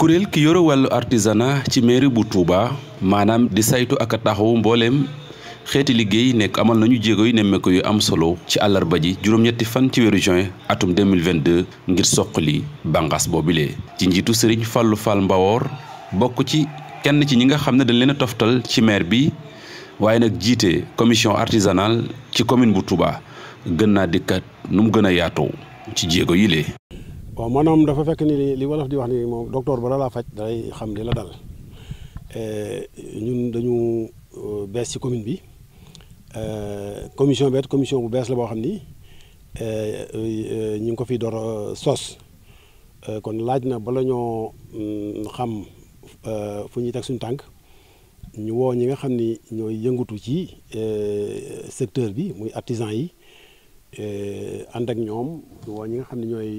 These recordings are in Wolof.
kuréel ki yore wàllu artisanat ci mairie bu Touba maanaam di saytu ak a taxawu mbooleem xeeti liggéey nekk amal nañu jéego yu nemmeeku yu am solo ci àllarba ji juróom-ñetti fan ci weeru juin atum 2022 ngir soqali bànqaas boobile ci njiitu sëriñ Fallou Fall Mbawoor bokk ci kenn ci ñi nga xam ne dañ leen a toftal ci maire bi waaye nag jiite commission artisanale ci commune bu Touba gën naa dikkat nu mu gën a yaatoo ci jéego yi lee waaw maanaam dafa fekk ni li wolof di wax ni moom docteur bala laa faj dalay xam li la dal eh, ñun dañu euh, bees ci commune bi eh, commission bet commission bu bees la boo xam ni eh, ñu ngi ko fi door sos kon laaj na bala ñoo mm, xam fu ñuy teg suñu tànk ñu woo ñi nga xam ni ñooy yëngatu ci secteur bi muy artisan yi ànd ak ñoom ñu woo ñi nga xam ni ñooy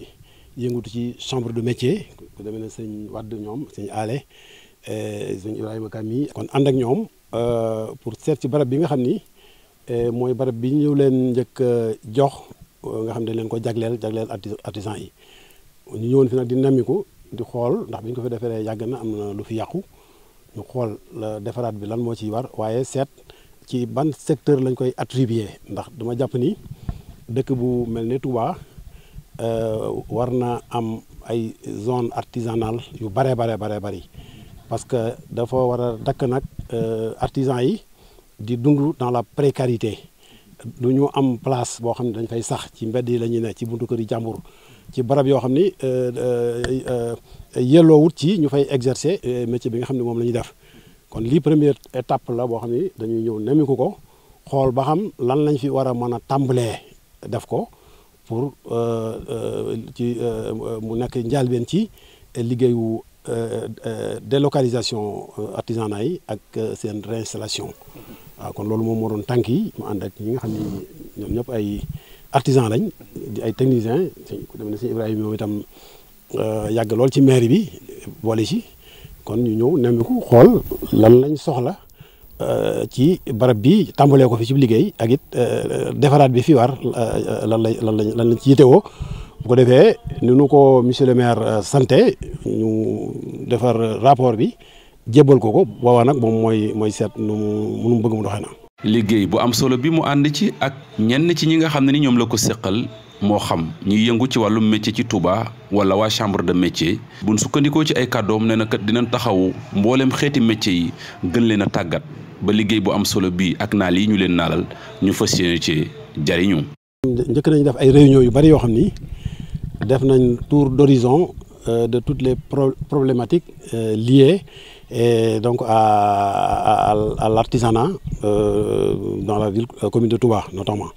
yëngatu ci chambre de métier ku demee ne sëñ Wade ñoom sëñ Aale eh, sëñ Ibrahima Kami kon ànd ak ñoom eh, pour seet ci barab bi nga xam ni eh, mooy barab bi ñu leen njëkk jox nga xam ne leen ko jagleel jagleel artisan yi ñu ñëwoon fi nag di namiku di xool ndax biñ ko fi defee yàgg na am na lu fi yàqu ñu xool defaraat bi lan moo ci war waaye seet ci ban secteur lañ koy attribuer ndax dama jàpp ni dëkk bu mel ne Touba. Euh, Nous am ay zone artisanale yu bare bare bare parce que dafa wara dak euh, di dans la précarité du am place où xamni dañ fay sax ci yi la ci buntu exercer euh, métier bi nga la première étape la de xamni dañuy ñëw nemi ko ba xam lan lañ pour euh, euh, ci euh, mu nekk njaalbeen ci liggéeyu délocalisation artisanat yi ak seen réinstallation waaw kon loolu moom moo doon tànk yi mu ànd ak ñi nga xam ni ñoom ñëpp ay artisan lañ di ay techniciens ku demee ne si Ibrahima moom itam yàgg lool ci mairie bi boole si kon ñu ñëw nemmiku xool lan lañ soxla Euh, ci barab bi tàmbalee ko fi ci liggéey ak it euh, defaraat bi fi war euh, lan lay lan lañ lan lañ ci yitewoo bu ko defee ni nu ko monsieur le maire santé ñu defar rapport bi jébbal ko ko boobaa nag moom mooy mooy seet nu mu nu bëgg mu doxee na liggéey bu am solo bi mu ànd ci ak ñenn ci ñi nga xam ne ni ñoom la ko séqal moo xam ñuy yëngu ci wàllum métier ci Touba wala waa chambre de métier buñ sukkandikoo ci ay kàddoom nee na dina dinañ taxawu mboolem xeeti métier yi gën leen a tàggat ba liggéey bu am solo bi ak na li ñu leen nalal ñu fas ci jariñu ñëk nañ def ay réunion yu bari yo xamni def nañ tour d'horizon euh, de toutes les problématiques euh, liées et donc à, à, à l'artisanat euh, dans la ville euh, commune de Touba notamment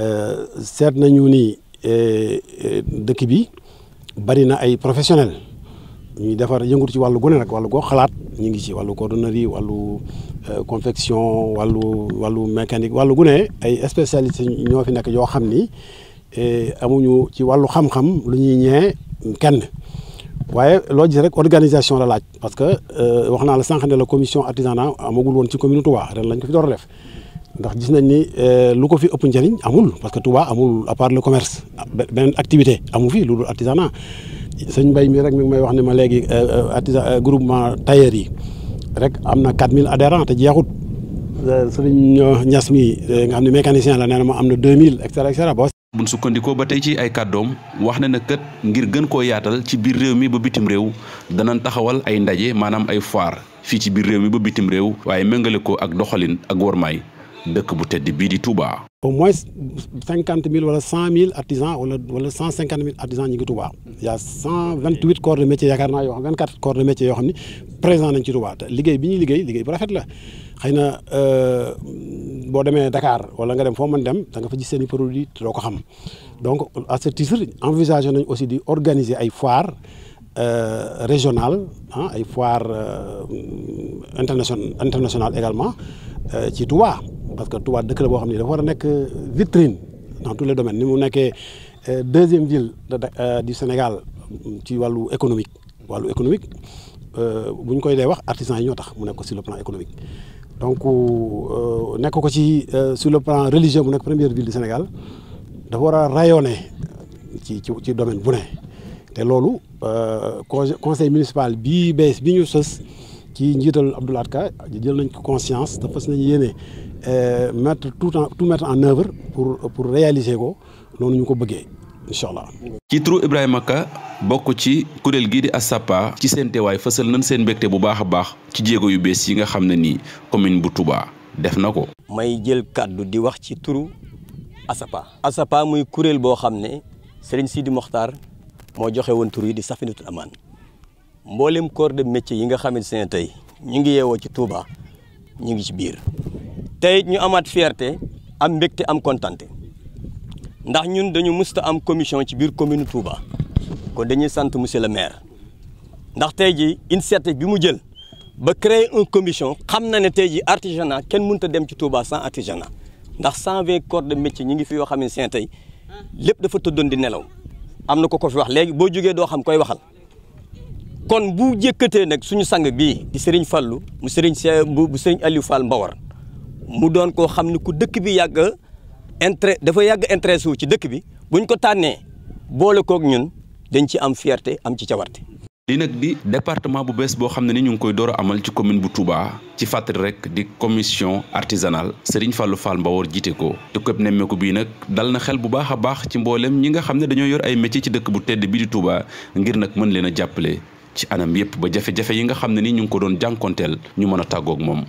euh, seet nañu ni dëkk bi bari na ay professionnels ñuy defar yëngatu ci wàllu gone nag wàllu goo xalaat ñu ngi ci wàllu cordonnerie wàllu euh, confection wàllu wàllu mécanique wàllu gune ay spécialistes ñoo fi nekk yoo xam ni e, amuñu ci wàllu xam-xam lu ñuy ñee kenn waaye loo gis rek organisation la laaj parce que euh, wax naa la sànq ne la commission artisanat amagul woon ci commune Touba ren lañ ko fi door a def ndax gis nañ ni e, lu ko fi ëpp njëriñ amul parce que Touba amul à le commerce beneen activité amu fi lu dul sëñ mbay mi rek mi ngi may wax ni ma léegi euh, euh, artisan euh, groupement tailleur yi rek am na 4000 adhérents te jeexut sëriñ ñas mi nga xam ne mécanicien la nee ma am na 2000 et cetera et cetera boo buñ sukkandikoo ba tey ci ay kàddoom wax ne na kët ngir gën koo yaatal ci biir réew mi ba bitim réew danañ taxawal ay ndaje maanaam ay foire fii ci biir réew mi ba bitim réew waaye méngale ko ak doxalin ak wormaay bu di Touba. au moins 50 000 wala 100 000 artisans wala wala 150 000 artisans il ngi Touba. y a 128 corps de métiers 24 corps de métiers présents dans présent nañ ci Touba te liggéey bi ñuy liggéey liggéey la xëy na euh, boo demee Dakar wala nga dem foo mën dem da nga fa gis seen i produit ko xam donc à ce titre on nañ aussi di organiser ay euh, régionales Euh, régional hein, ay euh, également euh, ci Touba parce que Touba dëkk la que xam ne dafa euh, vitrine dans tous les domaines ni mu nekkee euh, deuxième ville euh, du Sénégal mm, ci wàllu économique wàllu économique bu ñu koy dee wax artisans yi ñoo tax sur le plan économique donc nekk ko ci sur le plan religieux mu nekk première ville du Sénégal dafa war rayonner ci ci domaine bu ne te conseil municipal bii bees bi ñu sës ci njiital Abdoulaye Ka jël nañ ko conscience nañ Euh, mettre tout en tout mettre en œuvre pour pour réaliser ko noonu ñu ko bëggee incha allah. ci turu Ibrahima Ka bokk ci kuréel gii di ASAPA ci seen teewaay fësal nañ seen mbégte bu baax a baax ci jéego yu bees yi nga xam ne nii commune bu Touba def na ko. may jël kàddu di wax ci turu ASAPA. ASAPA muy kuréel boo xam ne Serigne di Mokhtar moo joxe woon tur yi di Safinatul Amaan mboolem corps de métier yi nga xamante ne tey ñu ngi yeewoo ci Touba ñu ngi ci biir. tey ñu amaat fierté am mbégte am kontante ndax ñun dañu musta am commission ci biir commune Touba kon dañuy sant monsieur le maire ndax tey ji initiative bi mu jël ba créer un commission xam na ne tey ji artisanat kenn mënut a dem ci Touba sans artisanat ndax cent vingt corps de métier ñi ngi fi yoo xam ne seen tey lépp dafa tëddoon di nelaw am na ko ko fi wax léegi boo jógee doo xam koy waxal kon bu jëkkatee nag suñu sang bii di Serigne Fallou mu Serigne bu Serigne Aliou Fall mu doon koo xam ne ku dëkk bi yàgg a dafa yàgg intérêt wu ci dëkk bi bu buñ ko tànnee boole kook ñun dañ ci am fierté am ci cawarte li nag di département bu bees boo xam ne ni ñu ngi koy door a amal ci commune bu Touba ci fàttali rek di commission artisanale Serigne Fallou Fall Mbawor jiite ko te képp nemmeeku bii nag dal na xel bu baax a baax ci mboolem ñi nga xam ne dañoo yor ay métier ci dëkk bu tedd bi di Touba ngir nag mën leen a jàppale ci anam yépp ba jafe yi nga xam ne ni ñu ngi ko doon jànkonteel ñu mën a tàggoog moom.